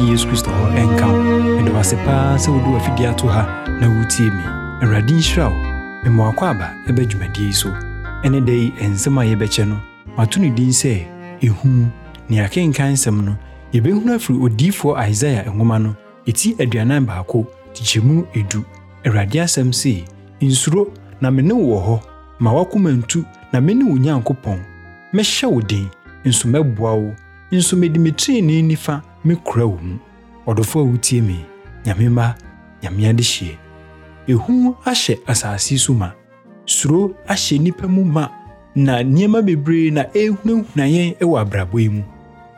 Awurade Yesu Kristo oh, hɔ ɛnka wo mede wase paa sɛ wode wafidie ato ha na wotie me Awurade nhyira wo mema aba ɛbɛ dwumadie yi so ɛne da yi ɛnsɛm a yɛbɛkyɛ no mato no din sɛ ehu ne akenkan nsɛm no yɛbɛhunu afiri odiyifoɔ isaia nwoma no ɛti aduanan baako tikyɛmu edu awurade asɛm se nsuro na me ne hɔ ma wakoma na me wo nyankopɔn mɛhyɛ wo den nso mɛboa wo nso mede me nifa me kura wo mu ɔdɔfo a wotie me nyame mma nyame adehyie ehu ahyɛ asase so ma suro ahyɛ nnipa mu ma na nneɛma bebree na ɛhunahuna yɛn wɔ abrabɔ yi mu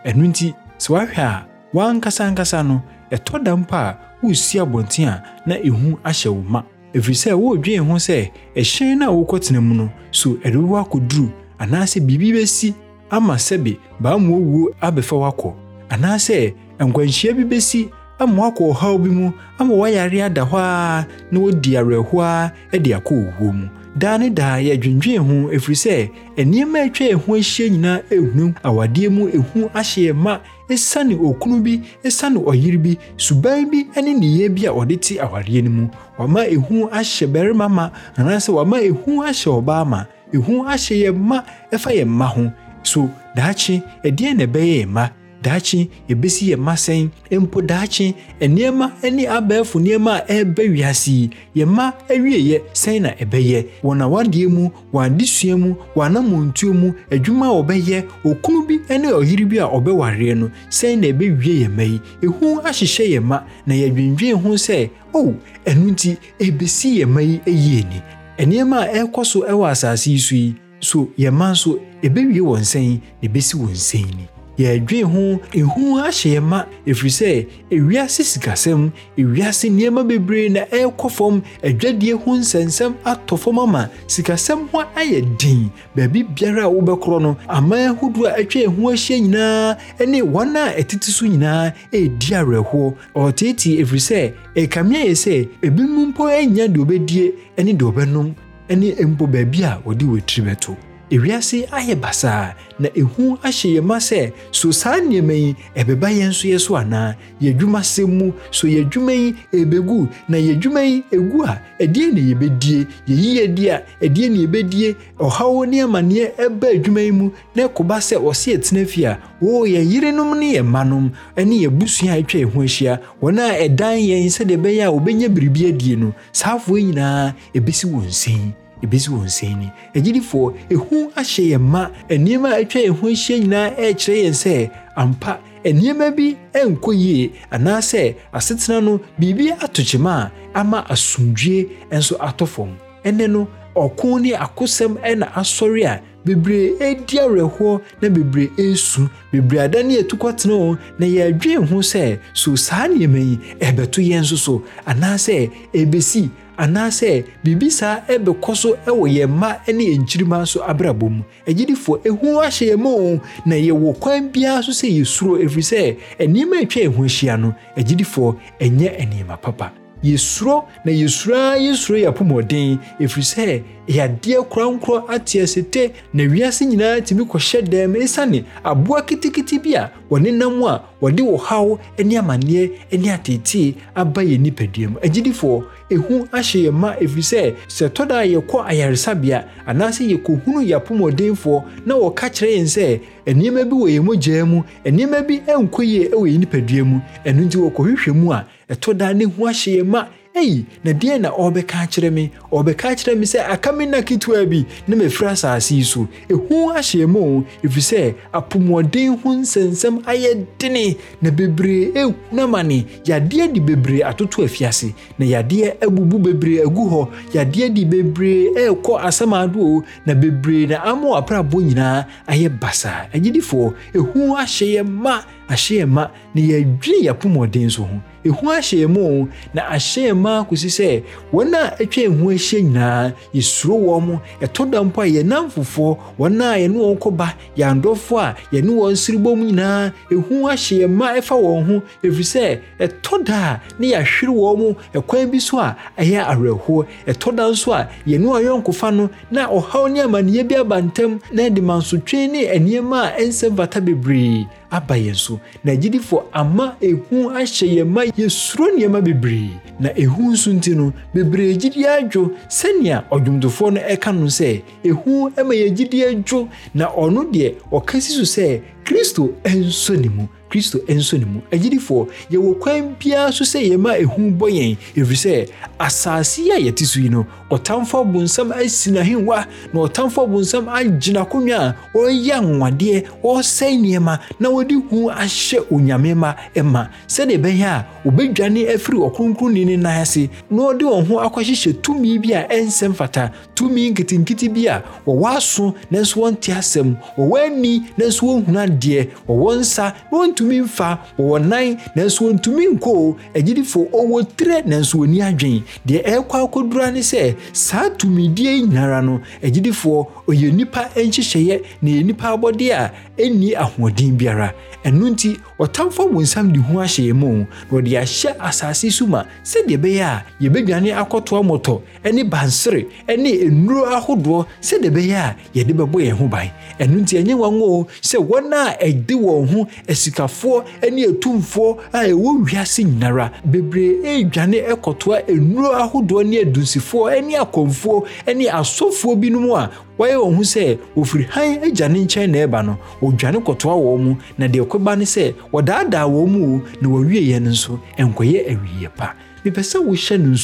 ɛno nti sɛ woahwɛ a woankasa no ɛtɔ da mpo a woresi abɔnten a na ehu ahyɛ wo ma ɛfiri sɛ woredwene ho sɛ ɛhyɛn no a wokɔtena mu no so ɛde wo akɔduru anaasɛ biribi bɛsi ama sɛbe baamu owu abɛfa wakɔ anaasɛ nkwanhyia bi bɛsi ama wakɔ ɔhaw bi mu ama wayare ada hɔ a na wadi awerɛhoɔ a de akɔ owuo mu daa ne daa yɛdwendwen ho ɛfiri sɛ nneɛma atwa ɛho ahyia nyinaa ɛhunu awadeɛ mu ɛhu ahyɛ ma ɛsiane okunu bi ɛsiane ɔyere bi suban bi ne nneyɛ bi a ɔde te awadeɛ no mu wama ɛhu ahyɛ barima ma anaasɛ wama ɛhu ahyɛ ɔbaa ma ɛhu ahyɛ yɛ ma ɛfa yɛ mma ho so daakye ɛdeɛn na ɛbɛyɛ yɛ ma daakye yɛbɛsi yɛ ma sɛn mpo daakye nneɛma ne abɛɛfo nneɛma a ɛreba wiase yi yɛma awieyɛ sɛn na ɛbɛyɛ wɔn a awadeɛ mu wɔn adesua mu wɔn anammɔntuo mu adwuma a wɔbɛyɛ okunu bi ne ɔyere bi a ɔbɛwareɛ no sɛn na ɛbɛwie yɛ ma yi ehu ahyehyɛ yɛ ma na yɛdwendwen ho sɛ o oh, ɛno nti ɛbɛsi yɛ ma yi yie ni nneɛma a ɛrekɔ so wɔ asase yi so yi so yɛn nso ebewie wɔn nsɛn na ebesi wɔn nsɛn ni yɛdwen ho ehu ahyɛ yɛn ma efiri sɛ ewiase sikasɛm ewiase nneɛma bebree na ɛrekɔ fam adwadie ho nsɛnsɛm atɔ fam ama sikasɛm ho ayɛ den baabi biara a wobɛkorɔ no aman ahodoɔ atwa ehu ahyia nyinaa ne wɔn a ɛtete so nyinaa ɛredi awerɛhoɔ ɔteetee efiri sɛ ɛkame ayɛ sɛ ebinom mpo anya deɛ ɔbɛdie ne deɛ ɔbɛnom ne mpo baabi a wɔde wɔtiri bɛto ewiase ayɛ basaa na ehu ahyɛ yɛn ma sɛ so saa nneɛma yi ɛbɛba yɛn nso yɛ so anaa yɛdwuma sɛm mu so yɛdwuma yi ebegu na yɛdwuma yi egu a ɛdeɛ na yɛbɛdie yɛyi yɛdi a ɛdeɛ na yɛbɛdie ɔhaw ne amanneɛ ɛba adwuma yi mu na ɛkoba sɛ ɔsi ɛtena fie a wɔɔ yɛn yerenom ne yɛn mmanom ɛne yɛn busua atwa yɛn ho ahyia wɔn a ɛdan yɛn sɛdeɛ ɛbɛyɛ a wɔbɛnya biribi adie no saafoɔ nyinaa ebesi wɔn nsɛn ɛbɛsi wɔn nsɛn ni agyidifoɔ ɛhu ahyɛ yɛn ma nneɛma a atwa yɛn ho ahyia nyinaa ɛrekyerɛ yɛn sɛ ampa nneɛma bi ɛnkɔ yie anaasɛ asetena no biribi ato kyema a ama asomdwie nso atɔ fam ɛnɛ no ɔko ne akosɛm ɛna asɔre a bebree edi awerɛhoɔ na bebree esu bebree ada ne yɛtu kɔtena wɔn na yɛadwen ho sɛ so saa nneɛma yi ɛbɛto yɛn nso so anaasɛ ebesi anaasɛ biribi saa ɛbɛkɔ so ɛwɔ yɛn mma ne yɛn nkyirimma nso abrabɔ mu agyinifoɔ ehu ahyɛ yɛn mu o na yɛwɔ kwan biara so sɛ yɛsuro ɛfiri sɛ nneɛma atwa yɛn ho ahyia no agyinifoɔ ɛnyɛ nneɛma papa yɛsuro na yɛsuraa yɛsuro yɛ apomɔden ɛfiri sɛ yɛadeɛ korankoro ate asete na wiase nyinaa tumi kɔhyɛ dɛm ɛsiane aboa kitikiti bi a wɔne nam a wɔde ɔhaw ne amanneɛ ne atetee aba yɛn nipadua mu agyidifoɔ ɛhu ahyɛ yɛn ma ɛfiri sɛ sɛ tɔ a yɛkɔ ayaresabea anaasɛ yɛkɔhunu yɛ apomɔdenfoɔ na wɔka kyerɛ yɛn sɛ nneɛma bi wɔ yɛn mogyaa mu nneɛma bi nkɔ yie wɔ yɛn nipadua mu ɛno nti wɔkɔhwehwɛ mu a ɛtɔ daa ne ho ahyɛ yɛ ma ei na deɛ na ɔrebɛka akyerɛ me ɔrebɛka akyerɛ me sɛ aka me nna ketewa bi na mafiri asase yi so ɛhu ahyɛ mu o ɛfiri sɛ apomɔden ho nsɛnsɛm ayɛ dene na bebree ɛhuna ma ne yadeɛ de bebree atoto afiase na yadeɛ abubu bebree agu hɔ yadeɛ de bebree ɛrekɔ asɛm adoo na bebree na ama wɔ abrabɔ nyinaa ayɛ basaa agyidifoɔ ɛhu ahyɛ yɛ ma ahyɛ ma na yɛadwiri yɛ so ho ɛhu ahyɛ yɛn mu na ahyɛ ma kɔsi sɛ wɔn a atwa yɛn ahyia nyinaa yɛsuro wɔn ɛtɔ da mpo a yɛnam fofoɔ wɔn a yɛne wɔn kɔba yɛn a yɛne wɔn siribɔ mu nyinaa ɛhu ahyɛ ma ɛfa wɔn ho ɛfiri sɛ ɛtɔ da a ne yɛahwere wɔn mu ɛkwan bi so a ɛyɛ awerɛhoɔ ɛtɔ da nso a yɛne wɔn yɔnkofa no na ɔhaw ne amanneɛ bi aba ntam na ɛde mansotwe ne nneɛma a ɛnsɛ mfata bebree aba yɛn so na agyidifo ama ehu ahyɛ yɛn ma yɛsuro nneɛma bebree na ehu nso nti no bebree gyidi adwo sɛnea ɔdwomtofoɔ no ɛka no sɛ ehu ma yɛn gyidi adwo na ɔno deɛ ɔka si so sɛ kristo nso ne mu kristo nso ne mu agyidifoɔ yɛwɔ kwan biara so sɛ yɛma ehu bɔ yɛn ɛfiri sɛ asase a yɛte so yi no ɔtamfo abonsam asi n'ahengua na ɔtamfo abonsam agyina akonnwa a ɔreyɛ anwadeɛ ɔresɛe nneɛma na wɔde hu ahyɛ onyame ma ma sɛdeɛ ɛbɛyɛ a wɔbɛdwane afiri ɔkronkronni ne nan ase na ɔde wɔn ho akɔhyehyɛ tumi bi a ɛnsɛm fata tumi nketenkete bi a wɔwɔ aso nanso wɔnte asɛm wɔwɔ ani nanso wɔnhunu adeɛ wɔwɔ nsa na wɔntu wɔntumi mfa wɔwɔ nan nanso wɔntumi nkɔ o agyinifo ɔwɔ tirɛ nanso wɔni adwen deɛ ɛrekɔ akɔdura ne sɛ saa tumidie nyinara no agyidifoɔ ɔyɛ nipa nhyehyɛeɛ na yɛ nipa abɔdeɛ a ɛnni ahoɔden biara ɛno nti ɔtamfoɔ mu nsam de ho ahyɛ yɛn mu na ɔde ahyɛ asase so ma sɛdeɛ ɛbɛyɛ a yɛbɛdwane akɔtoa mmɔtɔ ne bansere ne nnuro ahodoɔ sɛdeɛ ɛbɛyɛ a yɛde bɛbɔ yɛn ho ban ɛno nti ɛnyɛ wɔn o sɛ wɔn a ɛde wɔn ho asikafoɔ ne atumfoɔ a ɛwɔ wiase nyinara bebree ɛredwane kɔtoa nnuro ahodoɔ ne adunsifoɔ ne akɔmfoɔ ne asɔfoɔ binom a wɔayɛ wɔn ho sɛ wɔfiri han agya ne nkyɛn na ɛba no wɔdwane kɔtoa wɔn mu na deɛ ɛkɔba ne sɛ wɔdaadaa wɔn mu na wɔawieɛ no nso ɛnkɔyɛ awieɛ pa mepɛ sɛ wohyɛ no o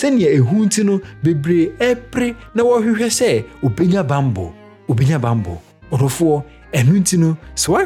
sɛnea ɛhu no bebree ɛpere na wɔhwehwɛ sɛ bambɔ bambɔ ɔdɔfoɔ ɛno nti no sɛ a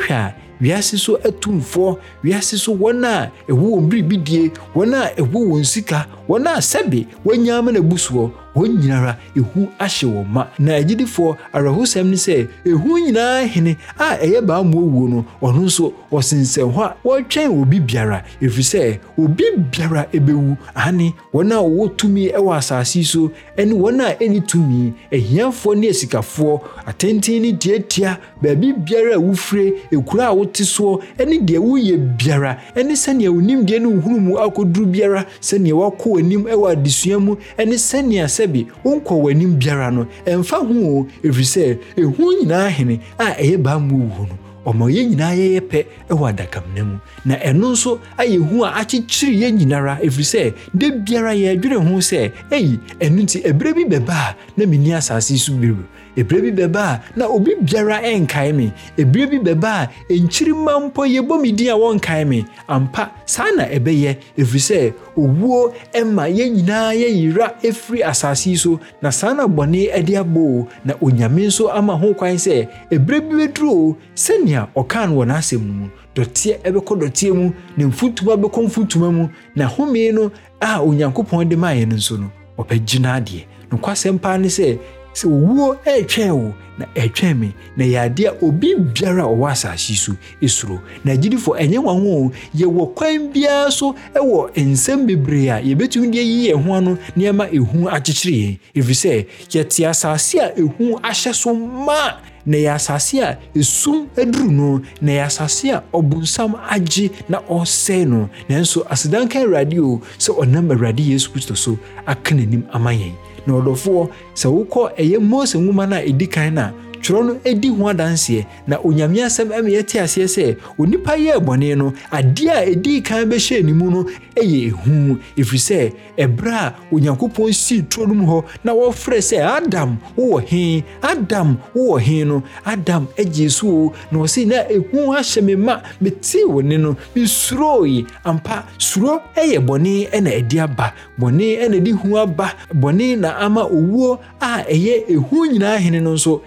wɔn nyinara ehu ahyɛ wɔn ma na agyidifoɔ awerɛhosɛm ne sɛ ehu nyinaa hene a ɛyɛ baamuo wuo no ɔno nso ɔsensɛn hɔ a wɔretwɛn obi biara ɛfiri sɛ obi biara ɛbɛwu ane wɔn a wɔwɔ tumi ɛwɔ asase so ɛne wɔn a ɛni tumi ahiafoɔ ne asikafoɔ atenten ne tiatia baabi biara a wofire ekura a wote soɔ ɛne deɛ woyɛ biara ɛne sɛnea onim deɛ ne nhunu mu akɔduru biara sɛnea wakɔ anim ɛwɔ adesua mu ɛne sɛnea sɛ sɛbi wonkɔ w'anim biara no ɛmfa ho o ɛfiri sɛ ɛho nyinaa hene a ɛyɛ baamu wu no ɔma yɛn nyinaa yɛyɛ pɛ wɔ adakamena mu na ɛno nso ayɛ hu a akyekyere yɛn nyinara ɛfiri sɛ da biara yɛadwene ho sɛ ɛyi ɛno nti ɛberɛ bi bɛba a na menni asase so birbir ebire bi bɛba a na obi biara ɛnkae me ebire bi bɛba a nkyirima mpo yɛbɔ me din a wɔnkae me ampa saa na ɛbɛyɛ ɛfiri sɛ owuo ɛma yɛn nyinaa yɛyera ɛfiri asase yi so na saa na bɔne ɛde abɔ na onyame nso ama ho kwan sɛ ebire bi bɛduru o sɛnea ɔkaa wɔ n'asɛm mu dɔteɛ ɛbɛkɔ dɔteɛ mu na mfutuma bɛkɔ mfutuma mu na home no a onyankopɔn de maayɛ no nso no ɔbɛgyina adeɛ nokwasɛm paa ne sɛ sɛ owuo ɛretwɛn wo na ɛtwɛn me na yɛ adeɛ a obi biara a ɔwɔ asase so ɛsuro na agyinifoɔ ɛnyɛ wɔn ho yɛwɔ kwan biara so ɛwɔ nsɛm bebree a yɛbɛtumi de ayi yɛn ho ano nneɛma ehu akyekyere yɛn ɛfiri sɛ yɛte asase a ehu ahyɛ so maa na yɛ asase a esum aduru no na yɛ asase a ɔbonsam agye na ɔresɛe no nanso asedanka awurade o sɛ ɔnam awurade yesu kristo so aka n'anim ama yɛn na ɔdɔfoɔ sɛ wokɔ ɛyɛ mose nwoma no a ɛdi kan no twerɛ no di ho adanseɛ na onyame asɛm ma yɛte aseɛ sɛ onipa yɛɛ bɔne no adeɛ a ɛdii kan bɛhyɛɛ ne mu no ɛyɛ ehu ɛfiri sɛ ɛberɛ a onyankopɔn sii turo no mu hɔ na wɔfrɛ sɛ adam wowɔ he adam wowɔ he no adam agyee so o na ɔsei na ɛhu ahyɛ me ma metee wo ne no mesurooe ampa suro ɛyɛ bɔne ɛna ɛdi aba bɔne ɛna ɛdi hu aba bɔne na ama owuo a ɛyɛ ehu nyinaa hene no nso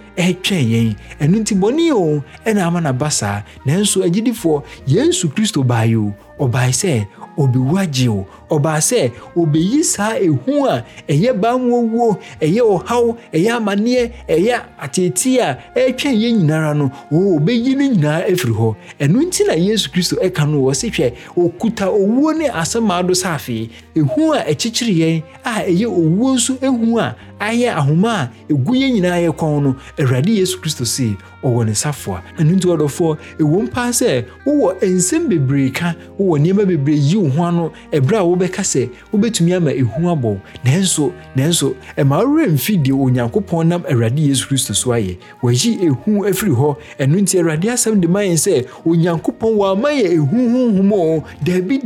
twɛn yɛn ɛno nti bɔne o ɛna ama n'aba saa nanso agyidifoɔ yesu kristo baayɛ o ɔbae sɛ obɛwu agye o ɔbaa sɛ obɛyi saa ehu a ɛyɛ bammɔwuo ɛyɛ ɔhaw ɛyɛ amanneɛ ɛyɛ ateeti a ɛretwɛn yɛn nyinara no obɛyi no nyinaa afiri hɔ ɛno nti na yesu kristo ɛka no wɔ se hwɛ okuta owuo ne asɛm a ado sɛ afei ehu a ɛkyekyere yɛn a ɛyɛ owuo nso ehu a ayɛ ahoma a ɛgu yɛn nyinaa yɛ kɔn no awurade yesu kristo sei ɔwɔ ne safoa ɛno nti ɔdɔfoɔ ɛwɔ mpaa sɛ wowɔ nsɛm bebree ka wowɔ nneɛma bebree yi wo ho ano ɛberɛ a wobɛka sɛ wobɛtumi ama ɛhu nso nanso nanso ɛma worɛ mfi deɛ onyankopɔn nam awurade yesu kristo so ayɛ wɔyi ɛhu afiri hɔ ɛno nti awurade asɛm de ma yɛn sɛ onyankopɔn wɔama yɛ ɛhu honhom o daabi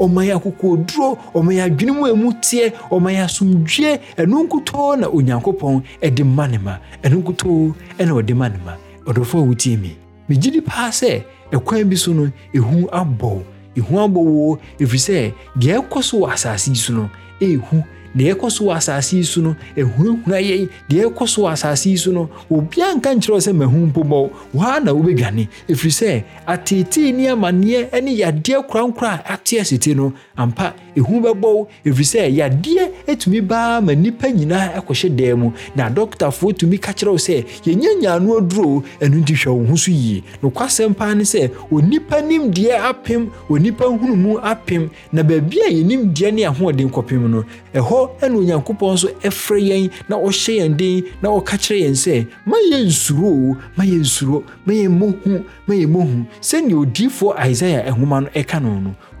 ɔma yɛ akokoɔduro ɔma yɛ adwene mu ɛmu teɛ ɔma yɛ asomdwie ɛno nkutoo na onyankopɔn de ma ne ma ɛno nkutoo na ɔde ma ne ma ɔdɔfo a wotie me megye di paa sɛ ɛkwan bi so no ɛhu abɔ ɛhu abɔ wo deɛ ɛkɔ so wɔ asase yi so no ɛɛhu deɛ ɛkɔ so wɔ asase yi so no ɛhunahuna e yɛn deɛ ɛkɔ so wɔ asase yi so no obiara nka nkyerɛ sɛ mahu mpo bɔ waa na wobɛdwane ɛfiri sɛ atetee ne amanneɛ ne yadeɛ korankora ate asete no ampa ɛhu bɛbɔ wo ɛfiri sɛ yadeɛ ɛtumi baa ma nnipa nyinaa ɛkɔhyɛ dan mu na dɔktafoɔ tumi ka kyerɛ wo sɛ yɛnyanya no aduro ɛno nti hwɛ wo ho so yie nokwasɛm paa ne sɛ onipa nim apem onipa nhunu mu apem na baabi a yɛnim deɛ ne ahoɔden kɔpem no ɛhɔ na ɛna onyankopɔn nso ɛfrɛ yɛn na ɔhyɛ yɛn den na ɔka kyerɛ yɛn sɛ ma yɛ nsuro o ma yɛ nsuro ma yɛ mmohu ma yɛ mmohu sɛnea isaia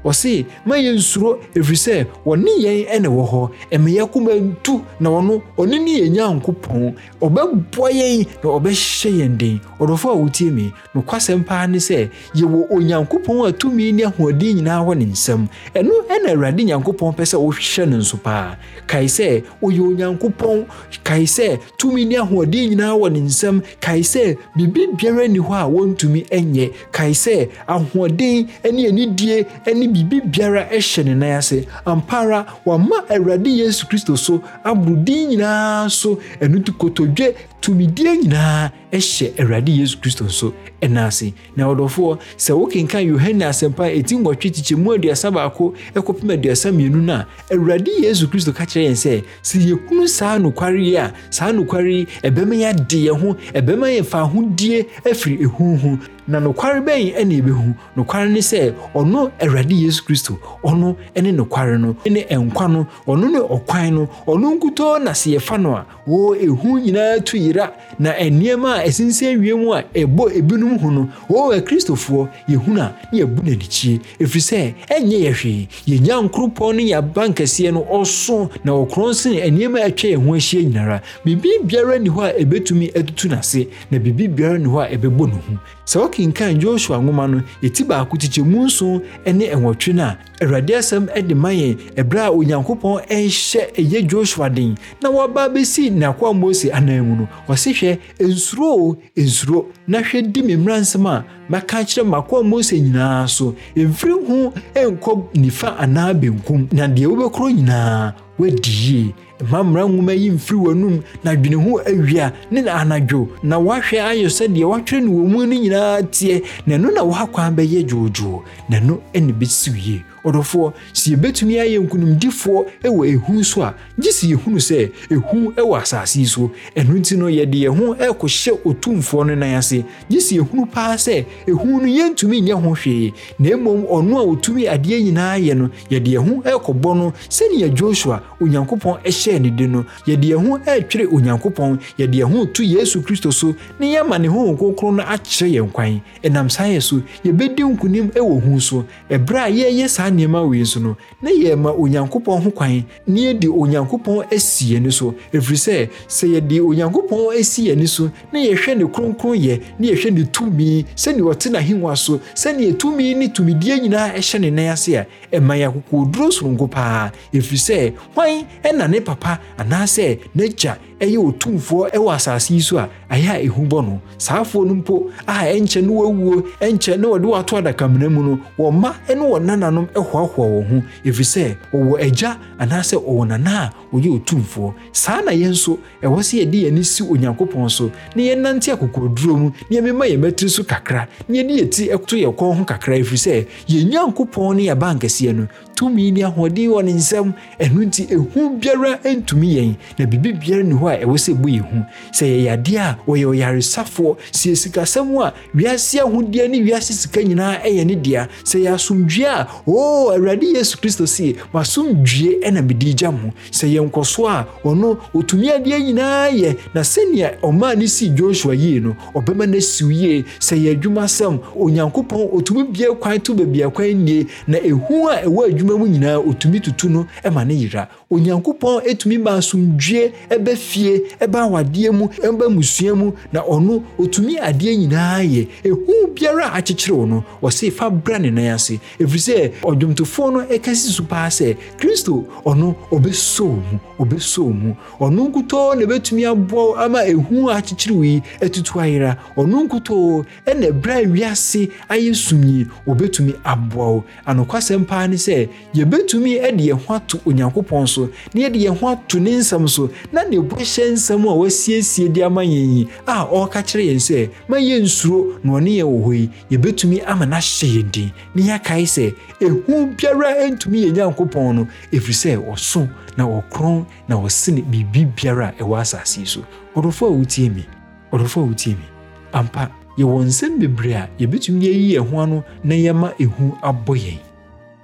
ɔse ma yɛn nsuro ɛfiri sɛ wɔne yɛn ɛne wɔ hɔ ɛma yɛakoma ntu na ɔno ɔne ne yɛ nyankopɔn ɔbɛboa yɛn na ɔbɛhyɛ yɛn den ɔdɔfo a wotie me nokwasɛm paa ne sɛ yɛwɔ onyankopɔn a tumi ne ahoɔden nyinaa wɔ ne nsam ɛno ɛna awurade nyankopɔn pɛ sɛ wohwɛ no nso paa kae sɛ ɔyɛ onyankopɔn kae sɛ tumi ne ahoɔden nyinaa wɔ ne nsam kae sɛ biribi biara nni hɔ a wɔntumi ɛnyɛ kae sɛ ahoɔden ne anidie ne biribi biara hyɛ ne nan ase ampa wama awurade yesu kristo so aborɔdin nyinaa so ɛno nti kotodwe tumidie nyinaa hyɛ awurade yesu kristo so, ɛna ase na ɔdɔfoɔ sɛ wokenka yohane asɛmpa ɛti nwɔtwe kyikyɛ mu aduasa baako ɛkɔpem aduasa mmienu no awurade yesu kristo ka kyerɛ yɛn sɛ sɛ yɛkunu saa nokware yi a saa nokware yi ɛbɛma yɛ ade yɛn ho ɛbɛma yɛ fa ahodie afiri ehu ho na nokware bɛn ɛna ɛbɛhu nokware ne sɛ ɔno awurade yesu kristo ɔno ne nokware no ne nkwa no ɔno ne ɔkwan no ɔno nkutoo na sɛ yɛfa no a wɔ ɛhu nyinaa tu yera na nneɛma a ɛsensɛn wie mu a ɛbɔ ebinom ho no wɔwɔ akristofoɔ yɛhunu a ne yɛbu n'anikyie ɛfiri sɛ ɛnyɛ yɛ hwee yɛnya nkoropɔn ne yɛaba nkɛseɛ no ɔso na ɔkorɔn sene nneɛma a atwa yɛn ho ahyia nyinara biribi biara nni hɔ a ɛbɛtumi atutu n'ase na biribi biara nni hɔ a ɛbɛbɔ ne ho sɛ wokenkan joshua nwoma no ɛti baako kyekyɛmu nson ne ɛwɔ nwɔtwe no a awurade asɛm de ma yɛn ɛberɛ a onyankopɔn ɛhyɛ ɛyɛ josua den na wɔaba bɛsi nakoa mose anan mu no ɔse hwɛ nsuro o nsuro na hwɛ di me mmaransɛm a mɛka kyerɛ makoa mose nyinaa so mfiri ho nkɔ nifa anaa benkum na deɛ wobɛkorɔ nyinaa woadi yie ma mmara nwoma yi mfiri w'anum na adwene ho awia ne na anadwo na wahwɛ ayɛ sɛdeɛ watwerɛ no wɔ mu no nyinaa teɛ na ɛno na woha kwan bɛyɛ dwoodwoo na ɛno ɛne bɛsiw yie ɔdɔfoɔ sɛ yɛbɛtumi ayɛ nkonimdifoɔ wɔ ɛhu so a gye sɛ yɛhunu sɛ ɛhu wɔ asase yi so ɛno nti no yɛde yɛn ho ɛrekɔhyɛ otumfoɔ no nan ase gye sɛ yɛhunu paa sɛ ehu no yɛntumi nyɛ ho hwee na mmom ɔno a ɔtumi adeɛ nyinaa yɛ no yɛde yɛn ho ɛrekɔbɔ no sɛnea joshua onyankopɔn ɛhyɛ de no yɛde yɛn ho ɛretwere onyankopɔn yɛde yɛn ho to yesu kristo so ne yɛma ne honhom kronkron no akyerɛ yɛn kwan ɛnam saa yɛ so yɛbɛdi nkonim wɔ hu so ɛberɛ a yɛreyɛ saa nneɛma wei so no na yɛma onyankopɔn ho kwan na yɛde onyankopɔn asi ni so ɛfiri sɛ sɛ yɛde onyankopɔn asi yɛn so na yɛhwɛ ne kronkronyɛ na yɛhwɛ ne tumi sɛnea ɔte n'ahengua so sɛnea tumi ne tumidiɛ nyinaa ɛhyɛ ne nan ase a ɛma yɛ akokoɔduro soronko paa ɛfiri sɛ hwan ɛna ne papa papa anaasɛ n'agya ɛyɛ otumfoɔ ɛwɔ asase yi so a ɛyɛ a ɛhu bɔ no saafoɔ no mpo a ɛnkyɛ ne wawuo ɛnkyɛ ne wɔde wato adakamena mu no wɔn mma ne wɔn nananom ɛhoahoa wɔn ho ɛfiri sɛ wɔwɔ agya anaasɛ ɔwɔ nana a ɔyɛ otumfoɔ saa na yɛn nso ɛwɔ sɛ yɛde yɛn si onyankopɔn so na yɛnante akokoduro mu na yɛmema yɛn matiri so kakra na yɛde yɛn ti to yɛn kɔn ho kakra ɛfiri sɛ yɛn nyankopɔn ne yɛn bankɛseɛ no tumi ne ahoɔden wɔ ne nsam ɛno nti ehu biara ɛntumi yɛn na biribi biara nni hɔ a ɛwɔ sɛ bu yɛ ho sɛ yɛyɛ adeɛ a ɔyɛ ɔyaresafoɔ sɛ sikasɛm a wiase ahodeɛ ne wiase sika nyinaa ɛyɛ ne dea sɛ yɛ asomdwie a oo awurade yesu kristo se masomdwie ɛna mede gya mo sɛ yɛnkɔ so a ɔno ɔtumi adeɛ nyinaa yɛ na sɛnea ɔmaa ne sii joshua yie no ɔbɛma no asiw yie sɛ yɛ adwuma sɛm onyankopɔn ɔtumi bia kwan to baabi kwan nie na ɛhu a ɛwɔ adwuma mu nyinaa ɔtumi tutu no ma ne yera onyankopɔn ɛtumi ba asomdwoe ɛbɛ fie ɛba awadeɛ mu ɛba musua mu na ɔno ɔtumi adeɛ nyinaa yɛ ehu biara a akyekyerew no ɔse fa bra ne nan ase ɛfiri sɛ ɔdwomtofoɔ no ɛka si so paa sɛ kristo ɔno ɔbɛsoo mu ɔbɛsoo mu ɔno nkutɔɔ na ɛbɛtumi aboa ama ehu a akyekyerew yi atutu ayera ɔno nkutɔɔ ɛna ɛbrɛ a wiase ayɛ sum yi ɔbɛtumi aboa wo anokwasɛm paa ne sɛ yɛbɛtumi ɛde yɛn ho ato onyankopɔn so na yɛde yɛn ho ato ne nsɛm so na ne bɔhyɛ nsɛm a wasiesie de ama yɛn yi a ɔreka kyerɛ yɛn sɛ ma yɛnsuro na ɔne yɛn wɔ hɔ yi yɛbɛtumi ama no ahyɛ yɛn din na yɛakae sɛ ɛhu biara ɛntumi yɛ nyankopɔn no ɛfiri sɛ ɔso na ɔkorɔn na ɔsene biribi biara a ɛwɔ asase yi so ɔdɔfoɔ a wotie mi ɔdɔfoɔ a wotie mi ampa yɛwɔ nsɛm bebree a yɛbɛtumi yɛyi yɛn ho ano na yɛma ɛhu abɔ yɛn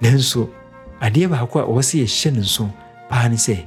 nanso adeɛ baako a ɔwɔ sɛ yɛhyɛ no nso paa ne sɛ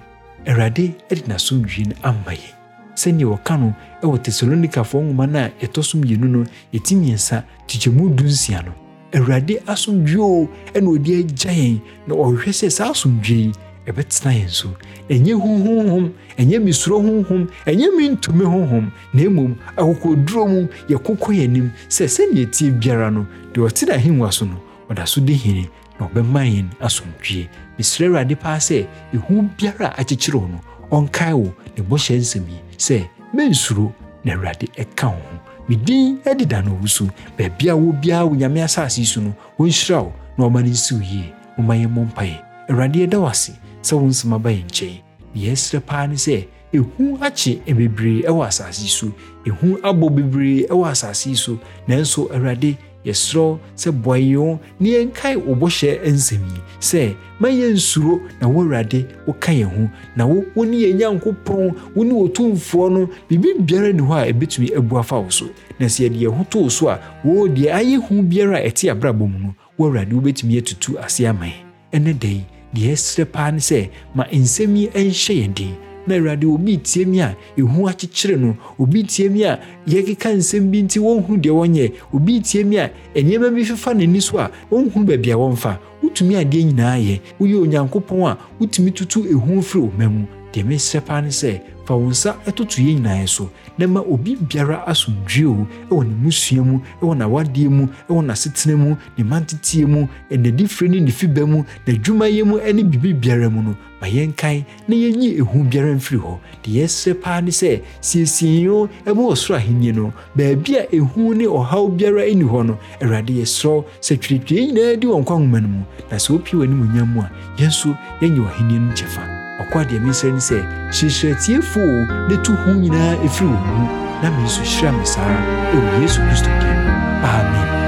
awurade de n'asomdwie no ama yɛn sɛnea wɔka no wɔ tesalonikafoɔ nwoma no a ɛtɔ so mmienu no ɛti mmiɛnsa tikyɛmu du nsia no awurade asomdwie o ɛna ɔde agya yɛn na ɔhwɛ sɛ saa asomdwie yi ɛbɛtena yɛn so ɛnyɛ honhomhom ɛnyɛ misuro honhom ɛnyɛ mentumi honhom na mmom akokoduro mu yɛkokɔ yɛn anim sɛ sɛnea ɛtie biara no deɛ ɔte da ahengua so no ɔda so de hene na ɔbɛma yɛn asomdwie mesrɛ awurade paa sɛ ehu biara a akyekyere wo no ɔnkae wo ne bɔhyɛ nsɛm yi sɛ mensuro na awurade ɛka wo ho medin ɛdeda no wo so baabia wo biara wo nyame asase yi so no wɔnhyira wo na ɔma no nsiw yie woma yɛn mmɔ mpaeɛ awurade yɛda wo ase sɛ wo nsɛm aba yɛn nkyɛn yɛsrɛ paa ne sɛ ehu akye bebree ɛwɔ asase yi so ehu abɔ bebree ɛwɔ asase yi so nanso awurade yɛsorɔ sɛ bɔe yɛn yɛnkae wo bɔhyɛ nsɛm yi sɛ ma yɛnsuro na wo awurade woka yɛn ho na wo wo ne yɛn nyankopɔn wo ne wɔtumfoɔ no biribi biara ni hɔ a ɛbɛtumi abu afa wo so na sɛ yɛde yɛn too so a wɔ deɛ ayɛ hu biara a ɛte abrabɔ mu no wo awurade wobɛtumi atutu ase ama ɛnɛ dɛn deɛ ɛserɛ paa ne sɛ ma nsɛm yi ɛnhyɛ yɛn den na awurade obi tie mi a ehu akyekyere no obi tie mi a yɛkeka nsɛm bi nti wɔnhunu deɛ wɔnyɛ obi tie mi a nneɛma bi fefa n'ani so a wɔnhunu baabi a wɔmfa wotumi adeɛ nyinaa yɛ woyɛ onyankopɔn a wotumi tutu ehu firi ɔma mu deɛ mesrɛ paa ne sɛ fa wo nsa ɛtoto yɛn nyinaa so na ma obi biara asomdwie o ɛwɔ ne musua mu ɛwɔ n'awadeɛ mu ɛwɔ n'asetena mu ne manteteɛ mu n'adi fire ne ne fiba mu n'adwumayɛ mu ne biribi biara mu no ma yɛnkan na yɛnyi ehu biara mfiri hɔ deɛ yɛsrɛ paa ne sɛ siesie no ɛmu wɔ soro ahenni no baabi a ehu ne ɔhaw biara ni hɔ no awurade yɛsrɛ sɛ twerɛtwerɛ nyinaa di wɔn nkwa nwoma no mu na sɛ wopie w'animuonyam mu a yɛn nso yɛnyɛ w'ahenni no kyɛfa akɔ a deɛ mensrɛ ne sɛ hyehyɛ tiefo o na tu ho nyinaa ɛfiri wo mu na me nso hyira me saa ara ɛwɔ yesu kristo din amen